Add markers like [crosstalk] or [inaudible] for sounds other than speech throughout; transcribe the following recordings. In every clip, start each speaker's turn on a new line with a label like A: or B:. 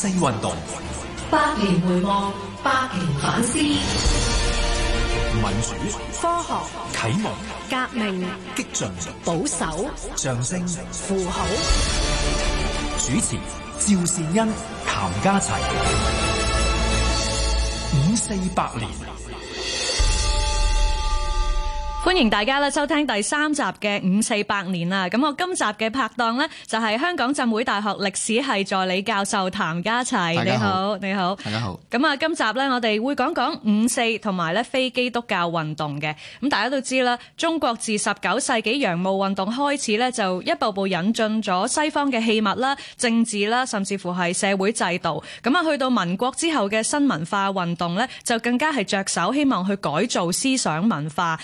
A: 五四運動，
B: 百年回望，百年反思。
A: 民主、科學、啟
C: 蒙、
B: 革命、激進進、保守、
C: 象聲
B: 聲、符號口。
A: 主持：
B: 趙善恩、
A: 譚家齊。五四百年。
B: 歡迎大家收聽第三集嘅五四百年啦。咁我今集嘅拍檔呢，就是香港浸會大學歷史系助理教授譚家齊。你好，你好。大家好。咁啊，今集呢，我哋會講講五四同埋非基督教運動嘅。大家都知道，中國自十九世紀洋務運動開始呢，就一步步引進咗西方嘅器物啦、政治啦、甚至乎是社會制度。咁啊，去到民國之後嘅新文化運動呢，就更加是着手希望去改造思想文化。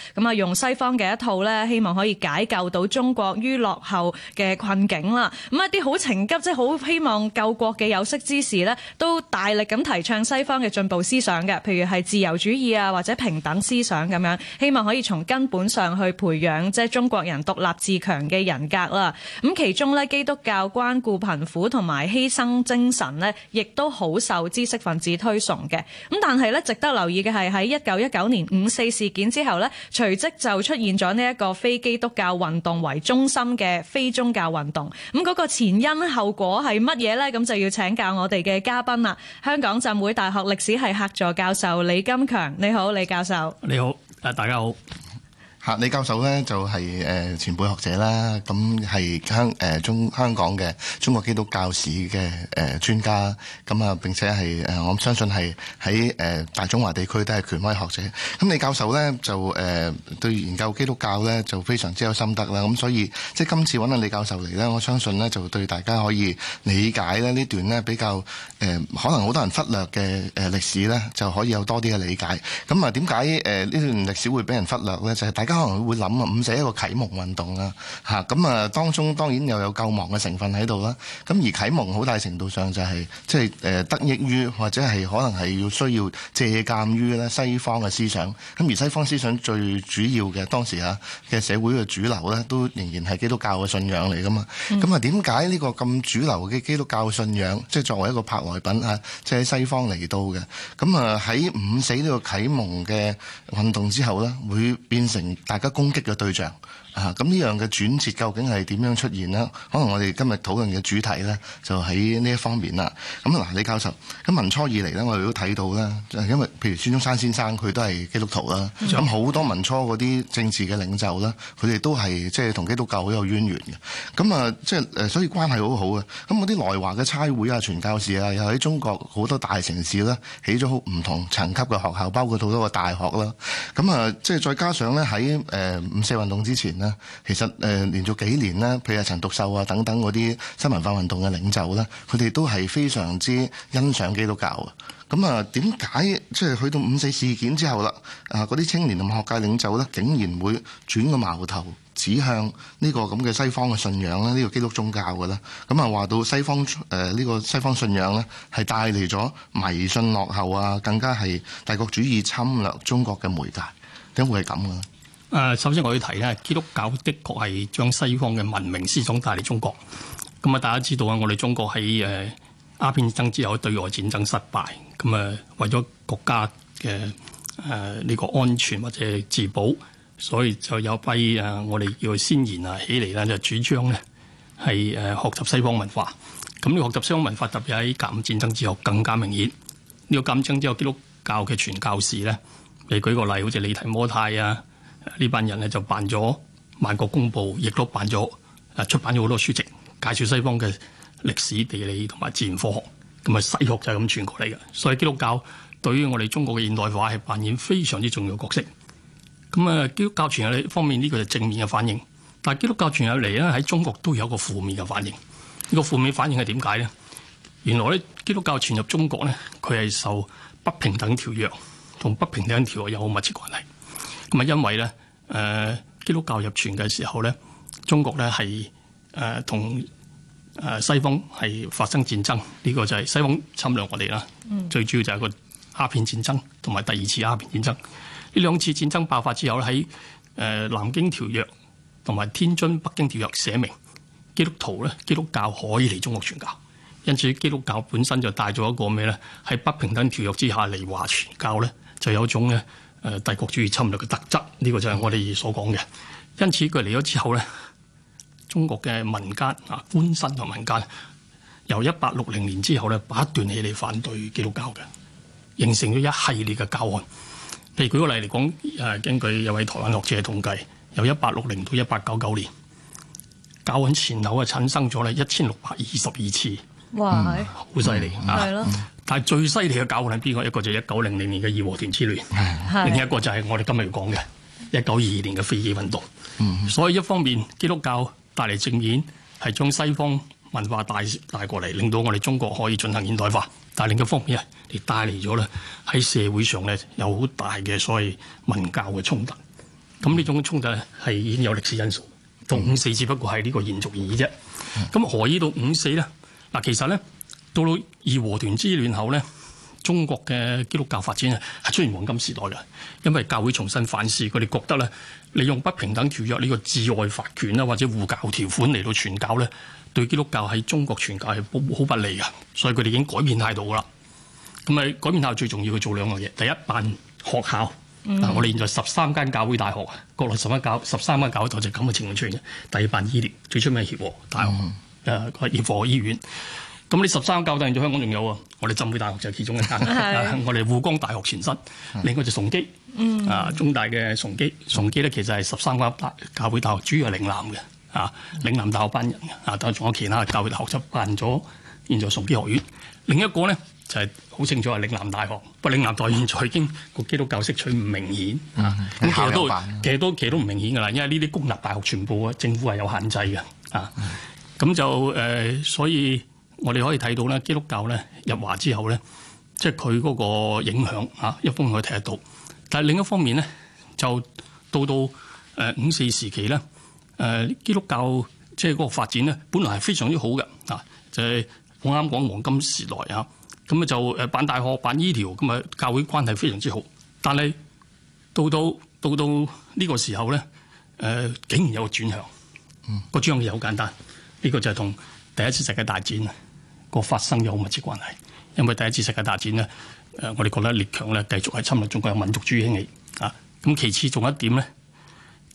B: 同西方嘅一套呢，希望可以解救到中國於落後嘅困境啦。咁一啲好情急，即係好希望救國嘅有識之士呢，都大力咁提倡西方嘅進步思想嘅，譬如係自由主義啊，或者平等思想咁樣，希望可以從根本上去培養即係中國人獨立自強嘅人格啦。咁其中呢，基督教關顧貧苦同埋犧牲精神呢，亦都好受知識分子推崇嘅。咁但係呢，值得留意嘅係喺一九一九年五四事件之後呢，隨即。就出現咗呢一個非基督教運動為中心嘅非宗教運動，咁嗰個前因後果係乜嘢呢？咁就要請教我哋嘅嘉賓啦。香港浸會大學歷史系客座教授李金強，你好，李教授，
A: 你好，誒，大家好。
C: 吓李教授咧就係誒前輩學者啦，咁係香誒中香港嘅中國基督教史嘅誒專家，咁啊並且係誒我相信係喺誒大中華地區都係權威學者。咁李教授咧就誒對研究基督教咧就非常之有心得啦，咁所以即係今次揾阿李教授嚟咧，我相信咧就對大家可以理解咧呢段咧比較誒可能好多人忽略嘅誒歷史咧，就可以有多啲嘅理解。咁啊點解誒呢段歷史會俾人忽略咧？就係大家，可能會諗啊，五四一個啟蒙運動啦，嚇、啊、咁啊，當中當然又有救亡嘅成分喺度啦。咁、啊、而啟蒙好大程度上就係即係誒得益於或者係可能係要需要借鑑於咧西方嘅思想。咁、啊、而西方思想最主要嘅當時嚇、啊、嘅社會嘅主流咧，都仍然係基督教嘅信仰嚟㗎嘛。咁、嗯、啊，點解呢個咁主流嘅基督教信仰，即、就、係、是、作為一個舶來品啊，即係喺西方嚟到嘅？咁啊喺五四呢個啟蒙嘅運動之後咧，會變成大家攻擊嘅對象。咁呢、啊、樣嘅轉折究竟係點樣出現呢？可能我哋今日討論嘅主題呢，就喺呢一方面啦。咁、啊、嗱，李教授，咁民初以嚟呢，我哋都睇到啦，因為譬如孫中山先生佢都係基督徒啦、啊，咁好、嗯、多民初嗰啲政治嘅領袖啦，佢哋都係即係同基督教好有淵源嘅。咁啊，即係所以關係好好嘅。咁嗰啲來華嘅差會啊、傳教士啊，又喺中國好多大城市啦，起咗好唔同層級嘅學校，包括好多個大學啦。咁啊，即係再加上呢，喺、呃、五四運動之前呢其實誒，連續幾年咧，譬如陳獨秀啊等等嗰啲新文化運動嘅領袖咧，佢哋都係非常之欣賞基督教嘅。咁啊，點解即係去到五四事件之後啦？啊，嗰啲青年同學界領袖咧，竟然會轉個矛頭指向呢個咁嘅西方嘅信仰咧？呢個基督宗教嘅呢？咁啊，話到西方誒，呢、呃呢個西方信仰呢係帶嚟咗迷信落後啊，更加係帝國主義侵略中國嘅媒介，點會係咁嘅咧？
A: 誒，首先我要提咧，基督教的確係將西方嘅文明思想帶嚟中國。咁啊，大家知道啊，我哋中國喺誒鴉片戰爭之後，對外戰爭失敗，咁啊，為咗國家嘅誒呢個安全或者自保，所以就有批啊，我哋叫先賢啊起嚟咧，就主張咧係誒學習西方文化。咁你學習西方文化，特別喺甲午戰爭之後更加明顯。呢、這個甲午戰爭之後，基督教嘅傳教士咧，你舉個例，好似李提摩太啊。呢班人呢，就辦咗《萬國公報》，亦都辦咗啊，出版咗好多書籍，介紹西方嘅歷史、地理同埋自然科學。咁啊，西學就係咁傳過嚟嘅。所以基督教對於我哋中國嘅現代化係扮演非常之重要角色。咁啊，基督教傳入嚟方面呢個就正面嘅反應，但係基督教傳入嚟咧喺中國都有個負面嘅反應。呢、這個負面反應係點解呢？原來咧，基督教傳入中國呢，佢係受不平等條約同不平等條約有好密切關係。咁啊，因為咧。誒基督教入傳嘅時候咧，中國咧係誒同誒西方係發生戰爭，呢、這個就係西方侵略我哋啦。嗯、最主要就係個鴉片戰爭同埋第二次鴉片戰爭。呢兩次戰爭爆發之後咧，喺誒南京條約同埋天津北京條約寫明，基督徒咧，基督教可以嚟中國傳教。因此基督教本身就帶咗一個咩咧？喺不平等條約之下嚟華傳教咧，就有種咧。誒帝國主義侵略嘅特質，呢個就係我哋所講嘅。因此佢嚟咗之後呢，中國嘅民間啊，官紳同民間，由一八六零年之後呢，不斷起嚟反對基督教嘅，形成咗一系列嘅教案。譬如舉個例嚟講，誒根據有位台灣學者嘅統計，由一八六零到一八九九年，教案前後啊，產生咗呢一千六百二十二次。哇！好犀利，係咯。但係最犀利嘅教案係邊個？一個就係一九零零年嘅義和團之亂，的另一個就係我哋今日要講嘅一九二二年嘅非基運動。嗯、哼所以一方面基督教帶嚟正面係將西方文化帶帶過嚟，令到我哋中國可以進行現代化。但係另一方面啊，亦帶嚟咗咧喺社會上咧有好大嘅所謂民教嘅衝突。咁呢種衝突係已經有歷史因素。同五四只不過係呢個延續而已啫。咁、嗯、何以到五四咧？嗱，其實咧，到咗義和團之亂後咧，中國嘅基督教發展啊，係出現黃金時代嘅，因為教會重新反思，佢哋覺得咧，利用不平等條約呢個治外法權啦，或者護教條款嚟到傳教咧，對基督教喺中國傳教係好不利嘅，所以佢哋已經改變態度噶啦。咁咪改變態度最重要嘅做兩樣嘢，第一辦學校，嗱、嗯、我哋現在十三間教會大學啊，國內十三間十三間教會就係咁嘅情況出現嘅，第二辦醫療，最出名協和大學。嗯。誒，醫科醫院。咁呢十三間教大現在香港仲有啊？我哋浸會大學就係其中一間， [laughs] [laughs] 我哋滬江大學前身，另外就崇基，啊，中大嘅崇基，崇基咧其實係十三間大教會大學，主要係嶺南嘅，啊，嶺南大學班人啊，但係仲有其他教會大學就分咗，現在崇基學院。另一個咧就係、是、好清楚係嶺南大學，不過嶺南大學現在已經個基督教色彩唔明顯
C: 啊，其 [laughs] 其。其實都其
A: 實都其實都唔明顯噶啦，因為呢啲公立大學全部啊政府係有限制嘅，啊。咁就誒，所以我哋可以睇到咧、就是，基督教咧入華之後咧，即係佢嗰個影響嚇，一方面可以睇得到，但係另一方面咧，就到到誒五四時期咧，誒基督教即係嗰個發展咧，本來係非常之好嘅，啊，就係我啱講黃金時代啊，咁啊就誒辦大學、辦醫療，咁啊教會關係非常之好，但係到到到到呢個時候咧，誒竟然有個轉向，個、嗯、轉向又好簡單。呢個就係同第一次世界大戰個發生有好密切關係，因為第一次世界大戰咧，誒我哋覺得列強咧繼續喺侵略中國，嘅民族主義興起啊。咁其次仲有一點咧。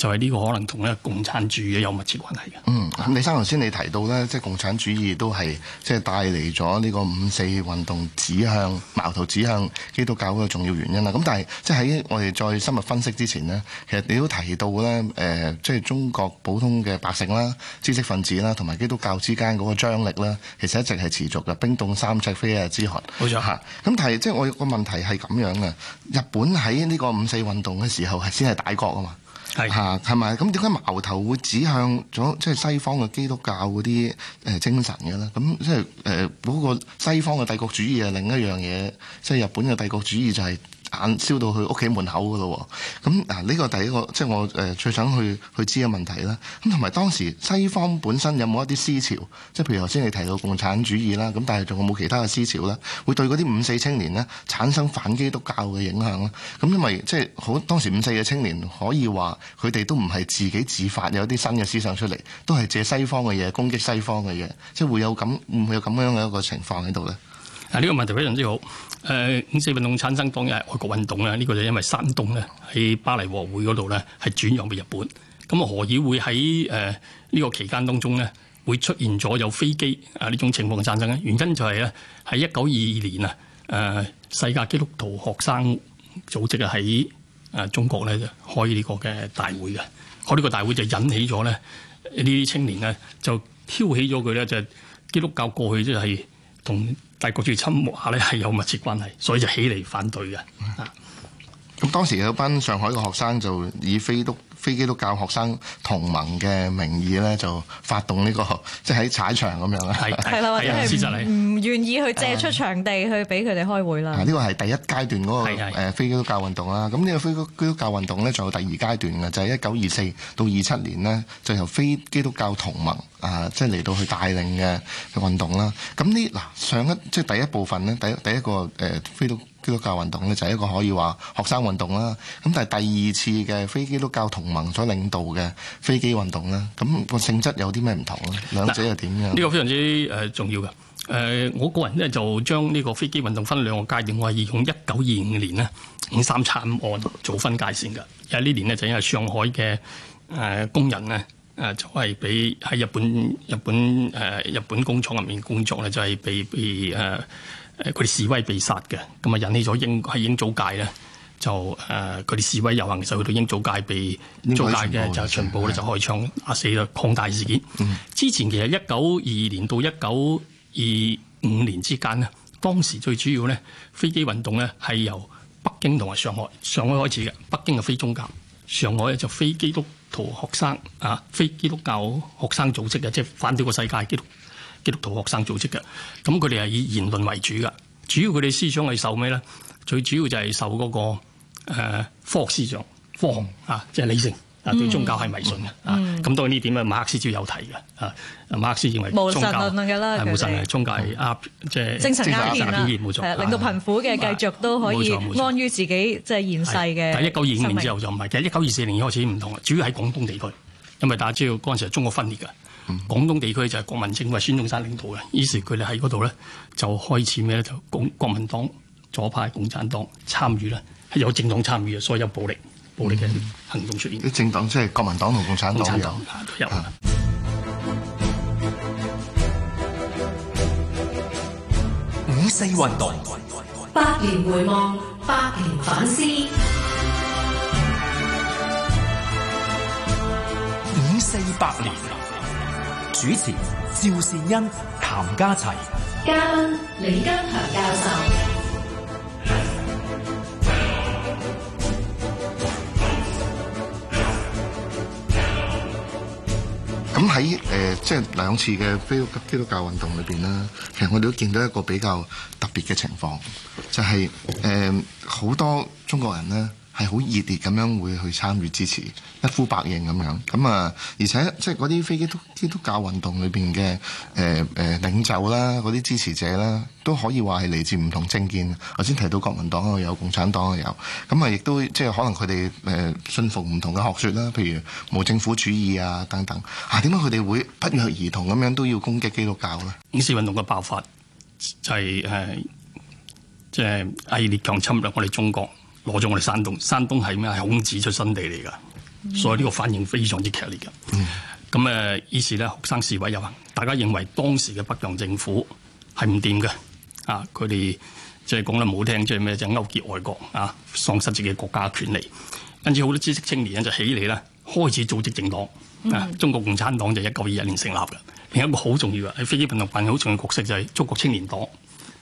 A: 就係呢個可能同呢個共產主義有密切關係
C: 嘅。嗯，李生頭先你提到咧，即係共產主義都係即係帶嚟咗呢個五四運動指向矛頭指向基督教嗰個重要原因啦。咁但係即係喺我哋再深入分析之前呢，其實你都提到咧，即、呃、係、就是、中國普通嘅百姓啦、知識分子啦，同埋基督教之間嗰個張力啦，其實一直係持續嘅，冰凍三尺非一日之寒。冇錯像。嚇，咁但係即係我個問題係咁樣嘅，日本喺呢個五四運動嘅時候係先係大國啊嘛。係嚇，係咪是？咁點解矛頭會指向咗即係西方嘅基督教嗰啲誒精神嘅咧？咁即係誒嗰個西方嘅帝國主義係另一樣嘢，即係日本嘅帝國主義就係、是。眼燒到去屋企門口嘅咯喎，咁啊呢個第一個即係我誒最想去去知嘅問題啦。咁同埋當時西方本身有冇一啲思潮，即係譬如頭先你提到共產主義啦，咁但係仲有冇其他嘅思潮咧？會對嗰啲五四青年咧產生反基督教嘅影響咧？咁因為即係好當時五四嘅青年可以話佢哋都唔係自己自發有啲新嘅思想出嚟，都係借西方嘅嘢攻擊西方嘅嘢，即係會有咁，會唔會有咁樣嘅一個情況喺度咧。
A: 啊！呢個問題非常之好。誒五四運動產生當日係外國運動咧，呢個就因為山東咧喺巴黎和會嗰度咧係轉讓俾日本。咁何以會喺誒呢個期間當中咧會出現咗有非基啊呢種情況嘅產生咧？原因就係咧喺一九二二年啊誒世界基督徒學生組織啊喺啊中國咧就開呢個嘅大會嘅。我呢個，個、呢個大會就引起咗咧呢啲青年咧就挑起咗佢咧就係、基督教過去即係同。但係國柱侵華咧係有密切關係，所以就起嚟反對嘅、嗯、啊。
C: 咁當時有一班上海嘅學生就以非非基督教學生同盟嘅名義咧，就發動呢、這個即係喺踩場咁樣啦。係係啦，或者係唔
B: 是願意去借出場地去俾佢哋開會啦。啊，呢個係
C: 第一階段嗰個非基督教運動啦。咁呢個非基督教運動咧，仲有第二階段嘅，就係一九二四到二七年呢，就由非基督教同盟啊，即係嚟到去帶領嘅運動啦。咁呢嗱上一即係、就是、第一部分咧，第第一個誒非督。基督教運動咧就係一個可以話學生運動啦，咁但係第二次嘅非基督教同盟所領導嘅非基運動啦。咁、那個性質有啲咩唔同咧？兩者係點樣？呢、這
A: 個非常之誒重要嘅。誒我個人咧就將呢個非基運動分兩個階段，我係以用一九二五年呢，五卅慘案做分界線嘅。而喺呢年呢，就因為上海嘅誒工人呢，誒就係被喺日本日本誒日本工廠入面工作咧就係、是、被被誒。呃佢哋示威被殺嘅，咁啊引起咗英喺英租界咧就誒佢哋示威遊行，就去到英租界被租界嘅就全部咧就開槍打的、啊、死啦，擴大事件。嗯、之前其實一九二二年到一九二五年之間咧，當時最主要咧非基運動咧係由北京同埋上海上海開始嘅，北京係非宗教，上海咧就非基督徒學生啊，非基督教學生組織嘅，即係反對個世界基督，基督徒學生組織嘅，咁佢哋係以言論為主嘅，主要佢哋思想係受咩咧？最主要就係受嗰、那個、呃、科學思想、科學啊，即係理性啊，對宗教係迷信嘅、嗯、啊。咁當然呢點啊，馬克思要有提嘅啊，馬克思認為無神論
B: 嘅啦，無神嘅
A: 們宗教係壓、嗯、即係是精神壓迫啦，誒，錯啊、令到貧
B: 苦嘅繼續都可以安於自己即係現世嘅。但係一九二五年之後
A: 就唔係，其實一九二四年開始唔同，主要喺廣東地區，因為大家知道嗰陣時係中國分裂嘅。廣、嗯、東地區就係國民政府、孫中山領導嘅，於是佢哋喺嗰度咧就開始咩咧，就共國民黨左派、共產黨參與啦，係有政黨參與嘅，所以有暴力、暴力嘅行動出現。啲、嗯、
C: 政黨即係國民黨同共產黨都有五四運動，百
A: 年回望，
B: 百年反思，
A: 五四百年。主持
B: 趙善恩、譚家齊，嘉賓李金強教授。
C: 咁喺誒，即、呃、係、就是、兩次嘅非基督教運動裏邊呢，其實我哋都見到一個比較特別嘅情況，就係誒好多中國人呢係好熱烈咁樣會去參與支持，一呼百應咁樣。咁啊，而且即係嗰啲非基督基督教運動裏邊嘅誒誒領袖啦，嗰啲支持者啦，都可以話係嚟自唔同政見。頭先提到國民黨啊，有共產黨啊，有。咁啊，亦都即係可能佢哋誒信奉唔同嘅學説啦，譬如冇政府主義啊等等。嚇點解佢哋會不約而同咁樣都要攻擊基督教呢？
A: 五四運動嘅爆發就係、是、誒，即係列強侵略我哋中國。攞咗我哋山東，山東係咩啊？係孔子出生地嚟噶，所以呢個反應非常之劇烈嘅。咁誒、mm.，於是咧學生示威遊行。大家認為當時嘅北洋政府係唔掂嘅，啊，佢哋即係講得唔好聽，即係咩？就係、勾結外國啊，喪失自己國家嘅權利。跟住好多知識青年咧就起嚟啦，開始組織政黨。啊，mm. 中國共產黨就一九二一年成立嘅。另一個好重要嘅喺非基運動扮演好重要嘅角色就係中國青年黨。呢、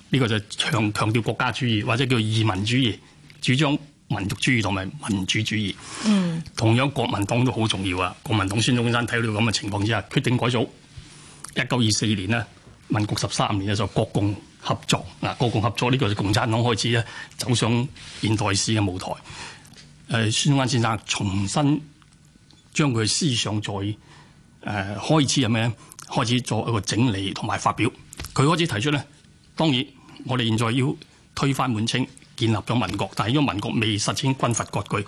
A: 呢個就強強調國家主義或者叫義民主義。主張民族主義同埋民主主義，嗯、同樣國民黨都好重要啊！國民黨孫中山睇到咁嘅情況之下，決定改組。一九二四年呢，民國十三年咧，就國共合作嗱，國共合作呢個共產黨開始咧，走上現代史嘅舞台。誒，孫中山先生重新將佢思想再誒開始係咩咧？開始做一個整理同埋發表，佢開始提出咧。當然，我哋現在要推翻滿清。建立咗民國，但係因為民國未實踐軍閥割據，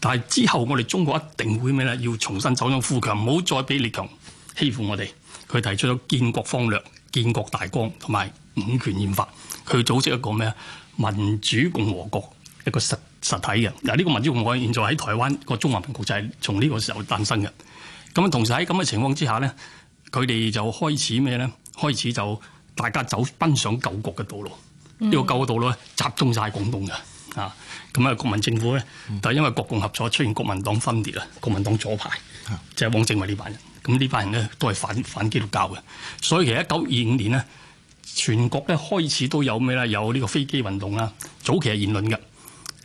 A: 但係之後我哋中國一定會咩咧？要重新走向富強，唔好再俾列強欺負我哋。佢提出咗建國方略、建國大綱同埋五權憲法，佢組織一個咩民主共和國一個實實體嘅。嗱，呢個民主共和國現在喺台灣個中華民國就係從呢個時候誕生嘅。咁同時喺咁嘅情況之下咧，佢哋就開始咩咧？開始就大家走奔上救國嘅道路。呢、嗯、個高度咧集中晒廣東嘅，啊，咁咧國民政府咧，就係因為國共合作出現國民黨分裂啦，國民黨左派，就汪精衛呢班人，咁呢班人咧都係反反基督教嘅，所以其實一九二五年呢，全國咧開始都有咩咧，有呢個非基運動啦，早期係言論嘅，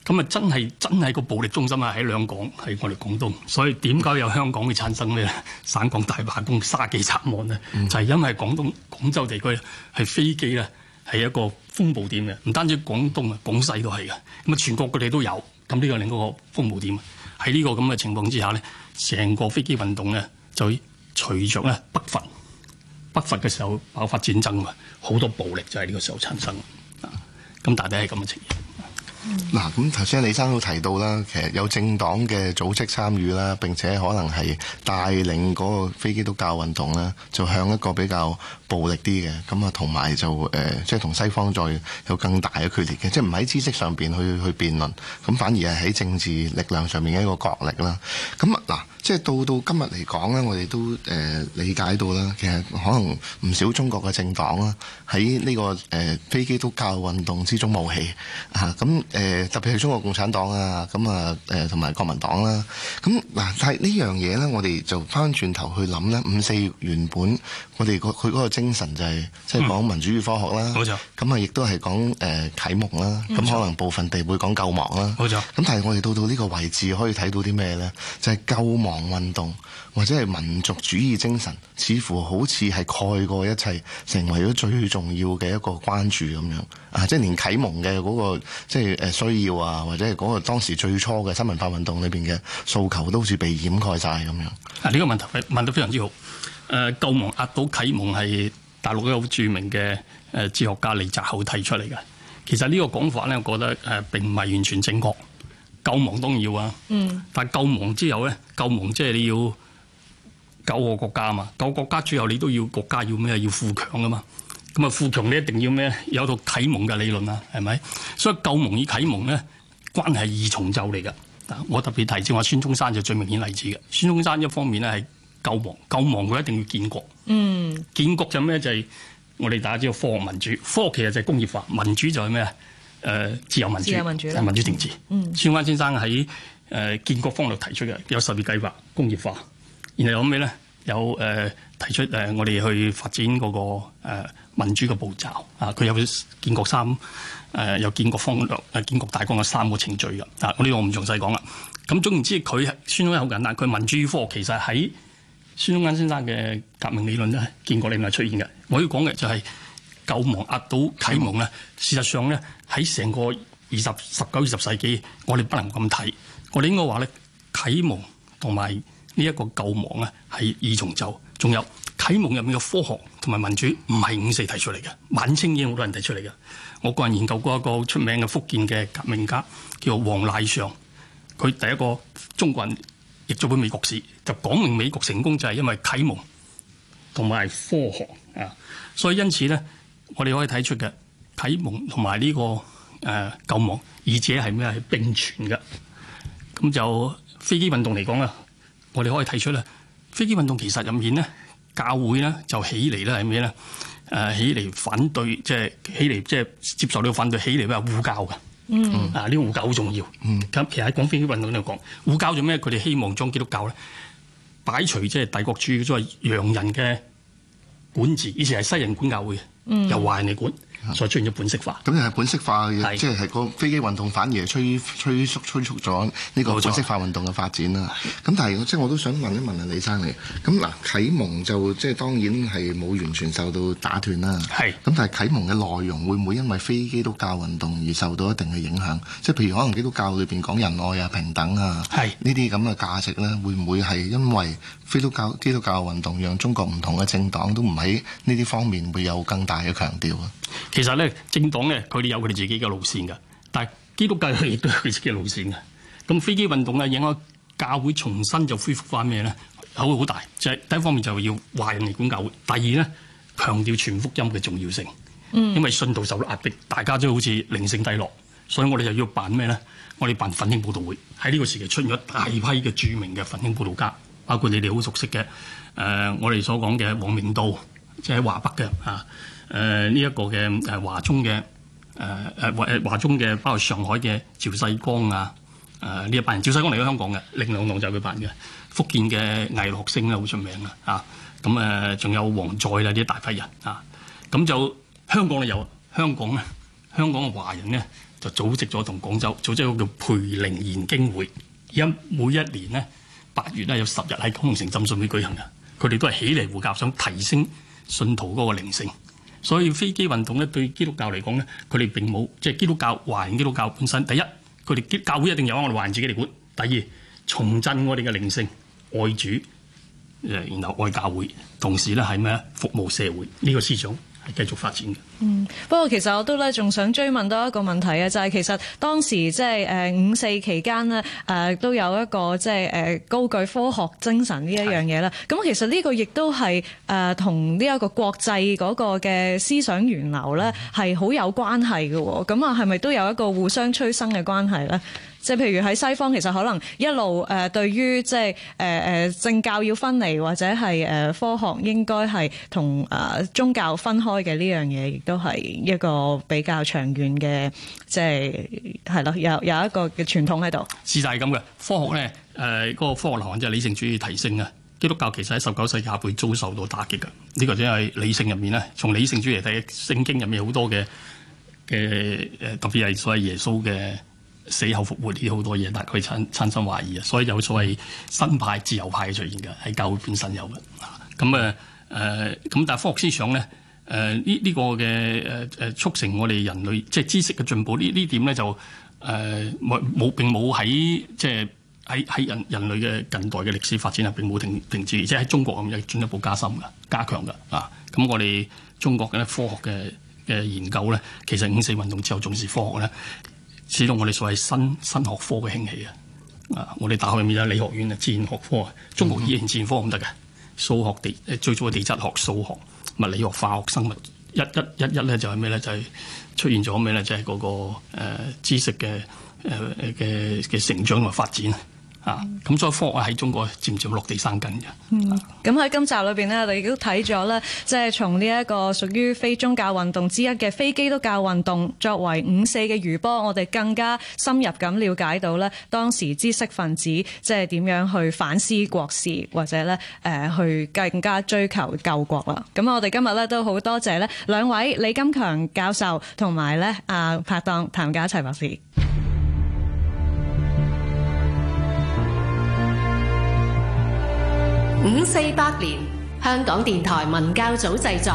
A: 咁啊真係真係個暴力中心啊喺兩港，喺我哋廣東，所以點解有香港會產生咩咧？嗯、省港大罷工、沙基慘案呢，就係、是、因為廣東廣州地區係非基啦。係一個風暴點嘅，唔單止廣東啊、廣西都係嘅，咁啊全國各地都有，咁呢個另一個風暴點。喺呢個咁嘅情況之下咧，成個非基運動咧就隨著咧北伐，北伐嘅時候爆發戰爭啊，好多暴力就係呢個時候產生啊，咁大抵係咁嘅情形。
C: 嗱，咁頭、嗯、先李生都提到啦，其實有政黨嘅組織參與啦，並且可能係帶領嗰個非基督教運動啦，就向一個比較暴力啲嘅，咁啊，同埋就誒、即係同西方再有更大嘅距離嘅，即係唔喺知識上面去去辯論，咁反而係喺政治力量上面嘅一個角力啦。咁嗱、啊，即係到到今日嚟講呢，我哋都、呃、理解到啦，其實可能唔少中國嘅政黨啦、這個，喺呢個誒非基督教運動之中冒起啊，咁、嗯。誒特別係中國共產黨啊，咁啊誒同埋國民黨啦，咁嗱，但係呢樣嘢咧，我哋就翻轉頭去諗咧。五四原本我哋佢嗰個精神就係即係講民主與科學啦，冇錯、嗯。咁啊，亦都係講誒啟蒙啦。咁、嗯、可能部分地會講救亡啦，冇錯、嗯。咁但係我哋到到呢個位置可以睇到啲咩咧？就係、是、救亡運動或者係民族主義精神，似乎好似係蓋過一切，成為咗最重要嘅一個關注咁樣啊！嗯、即係連啟蒙嘅嗰、嗰個即係、就是需要啊，或者係嗰個當時最初嘅新文化運動裏邊嘅訴求，都好似被掩蓋晒
A: 咁樣。啊，呢、這個問題問得非常之好。誒、呃，救亡壓倒啟蒙係大陸一個好著名嘅誒哲學家李澤厚提出嚟嘅。其實呢個講法咧，我覺得誒、呃、並唔係完全正確。救亡當然要啊，嗯，但係救亡之後咧，救亡即係你要救個國家嘛，救國家之後你都要國家要咩？要富強啊嘛。咁啊，富強你一定要咩？有套啟蒙嘅理論啊，係咪？所以救亡與啟蒙咧，關係二重奏嚟噶。啊，我特別提正話，孫中山就最明顯例子嘅。孫中山一方面咧係救亡，救亡佢一定要建國。嗯，建國就咩？就係、是、我哋大家知道，科學民主，科學其實就係工業化，民主就係咩啊？誒、呃，自由民主，自由民主，民主政治嗯。嗯，孫灣先生喺誒建國方略提出嘅有十二計劃，工業化，然後有咩咧？有誒、呃、提出誒我哋去發展嗰、那個誒。呃民主嘅步驟啊，佢有建國三誒、呃，有建國方略、建國大綱嘅三個程序嘅啊，呢個我唔詳細講啦。咁總言之，佢孫中山好簡單，佢民主科其實喺孫中山先生嘅革命理論咧，建國理論出現嘅。我要講嘅就係、是、救亡壓倒啟蒙啊，嗯、事實上咧喺成個二十十九、二十世紀，我哋不能咁睇，我哋應該話咧，啟蒙同埋呢一個救亡啊，係二重奏，仲有。啟蒙入面嘅科學同埋民主唔係五四提出嚟嘅。晚清已經好多人提出嚟嘅。我個人研究過一個出名嘅福建嘅革命家叫做黃乃裳，佢第一個中國人譯咗本美國史，就講明美國成功就係因為啟蒙同埋科學啊。所以因此咧，我哋可以睇出嘅啟蒙同埋呢個誒、呃、救亡，而且係咩係並存嘅。咁就非基運動嚟講啦，我哋可以睇出啦。非基運動其實入面咧。教會咧就起嚟啦，係咩咧？誒，起嚟反對，即係起嚟即係接受呢個反對，起嚟咧係護教嘅。嗯、啊，呢個護教好重要。咁其實喺廣非運動度講，護教做咩？佢哋希望將基督教咧擺除，即係帝國主義，所謂洋人嘅管治。以前係西人管教會的。嗯，由華人管，所以出現咗本色化。咁又係本色化，即係個非基運動
C: 反而催催促催促咗呢個本色化運動嘅發展啦。咁錯但係即係我都想問一問啊，李生嚟。咁嗱，啟蒙就即係當然係冇完全受到打斷啦。咁是但係啟蒙嘅內容會唔會因為非基督教運動而受到一定嘅影響？即係譬如可能基督教裏面講仁愛啊、平等啊，呢啲咁嘅價值呢，會唔會係因為非基督教基督教運動讓中國唔同嘅政黨都唔喺呢啲方面會有更大？大嘅係要強調啊！
A: 其實咧，政黨咧佢哋有佢哋自己嘅路線噶，但係基督教佢亦都有佢自己嘅路線嘅。咁非基運動咧影響教會重新就恢復翻咩咧？好大，就係、是、第一方面就要華人嚟管教會。第二咧，強調全福音嘅重要性。嗯、因為信徒受到壓迫，大家都好似靈性低落，所以我哋又要辦咩咧？我哋辦奮興佈道會。喺呢個時期出咗大批嘅著名嘅奮興佈道家，包括你哋好熟悉嘅誒、呃，我哋所講嘅王明道，即係喺華北嘅啊。誒呢、呃、一個嘅誒、啊、華中嘅誒誒華華中嘅，包括上海嘅趙世光啊，誒呢一班人，趙世光嚟咗香港嘅，靈糧堂就佢辦嘅，福建嘅倪柝聲咧好出名啦，啊，咁誒仲有黃載啦啲大批人啊，咁就香港咧有香港啊，香港嘅華人呢，就組織咗同廣州組織一個叫培靈研經會，而家每一年呢，八月咧有十日喺九龍城浸信會舉行嘅，佢哋都係起嚟護教，想提升信徒嗰個靈性。所以非基運動咧對基督教嚟講咧，佢哋並冇即係基督教華人基督教本身。第一，佢哋教會一定由我哋華人自己嚟管。第二，重振我哋嘅靈性，愛主，誒，然後愛教會，同時咧係咩啊？服務社會呢、呢個思想。繼續發展嘅。
B: 嗯，不過其實我都咧仲想追問多一個問題啊，就係其實當時即係誒五四期間呢，誒、呃、都有一個即係誒高舉科學精神呢一樣嘢啦。咁的其實呢個亦都係誒同呢一個國際嗰個嘅思想源流呢係好有關係嘅喎。咁啊，係咪都有一個互相催生嘅關係呢？即係譬如喺西方，其實可能一路誒對於即係誒誒政教要分離，或者係誒、呃、科學應該係同啊宗教分開嘅呢樣嘢，亦都係一個比較長遠嘅，即係係咯，有有一個嘅傳統喺度。
A: 事實係咁嘅科學咧，誒嗰個科學流行即係理性主義的提升啊！基督教其實喺十九世紀會遭受到打擊嘅，呢、呢個真係理性入面咧，從理性主義睇聖經入面好多嘅嘅誒，特別係所謂耶穌嘅。死後復活啲好多嘢，但佢親親身懷疑啊，所以有所謂新派、自由派出現嘅，喺教會本身有嘅。咁啊誒，咁、嗯、但係科學思想咧，誒呢呢個嘅誒誒促成我哋人類即係知識嘅進步，呢呢點咧就誒冇冇並冇喺即係喺喺人人類嘅近代嘅歷史發展啊並冇停停止，而且喺中國咁又進一步加深嘅、加強嘅啊。咁、嗯嗯、我哋中國嘅科學嘅嘅研究咧，其實五四運動之後重視科學咧。始終我哋所謂新新學科嘅興起啊！啊，我哋大學入面有理學院啊，自然學科、中國語言哲科。唔得嘅，數學地誒，最早嘅地質學、數學、物理學、化學、生物，一一一一咧，就係咩咧？就係出現咗咩咧？就係嗰個誒知識嘅誒嘅嘅成長同埋發展。嗯、啊！咁所以科學喺中國漸漸落地生根嘅。嗯，
B: 咁喺今集裏面呢，我哋亦都睇咗啦，即係從呢一個屬於非宗教運動之一嘅非基督教運動，作為五四嘅餘波，我哋更加深入咁了解到咧當時知識分子即係點樣去反思國事，或者咧去更加追求救國啦。咁我哋今日咧都好多謝呢兩位李金強教授同埋咧阿拍檔譚家齊博士。五四百年，香港電台文教組製作。